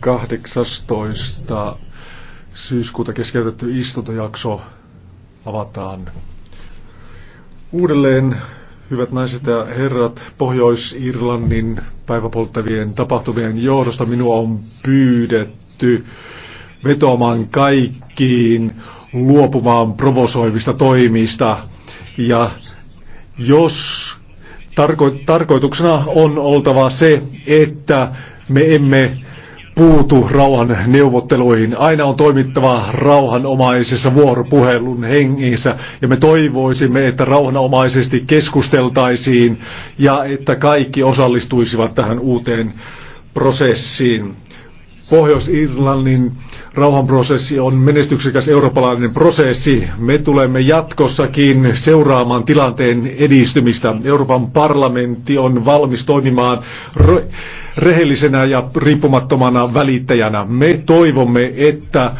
Kahdeksastoista 18. syyskuuta keskeytetty istuntojakso avataan uudelleen. Hyvät naiset ja herrat, Pohjois-Irlannin päiväpolttavien tapahtumien johdosta minua on pyydetty vetoamaan kaikkiin luopumaan provosoivista toimista. Ja jos Tarko- tarkoituksena on oltava se, että me emme puutu rauhan neuvotteluihin. Aina on toimittava rauhanomaisessa vuoropuhelun hengissä ja me toivoisimme, että rauhanomaisesti keskusteltaisiin ja että kaikki osallistuisivat tähän uuteen prosessiin. Pohjois-Irlannin äh, Rauhanprosessi on menestyksekäs eurooppalainen prosessi. Me tulemme jatkossakin seuraamaan tilanteen edistymistä. Euroopan parlamentti on valmis toimimaan rehellisenä ja riippumattomana välittäjänä. Me toivomme, että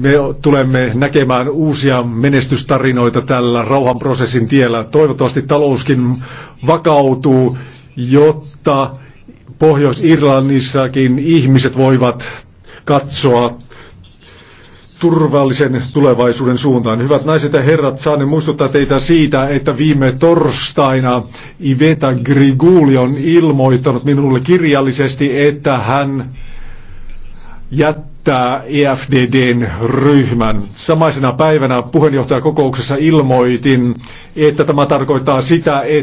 me tulemme näkemään uusia menestystarinoita tällä rauhanprosessin tiellä. Toivottavasti talouskin vakautuu, jotta Pohjois-Irlannissakin ihmiset voivat katsoa turvallisen tulevaisuuden suuntaan. Hyvät naiset ja herrat, saan muistuttaa teitä siitä, että viime torstaina Iveta Griguli on ilmoittanut minulle kirjallisesti, että hän jättää EFDDn ryhmän. Samaisena päivänä puheenjohtajakokouksessa ilmoitin, että tämä tarkoittaa sitä, että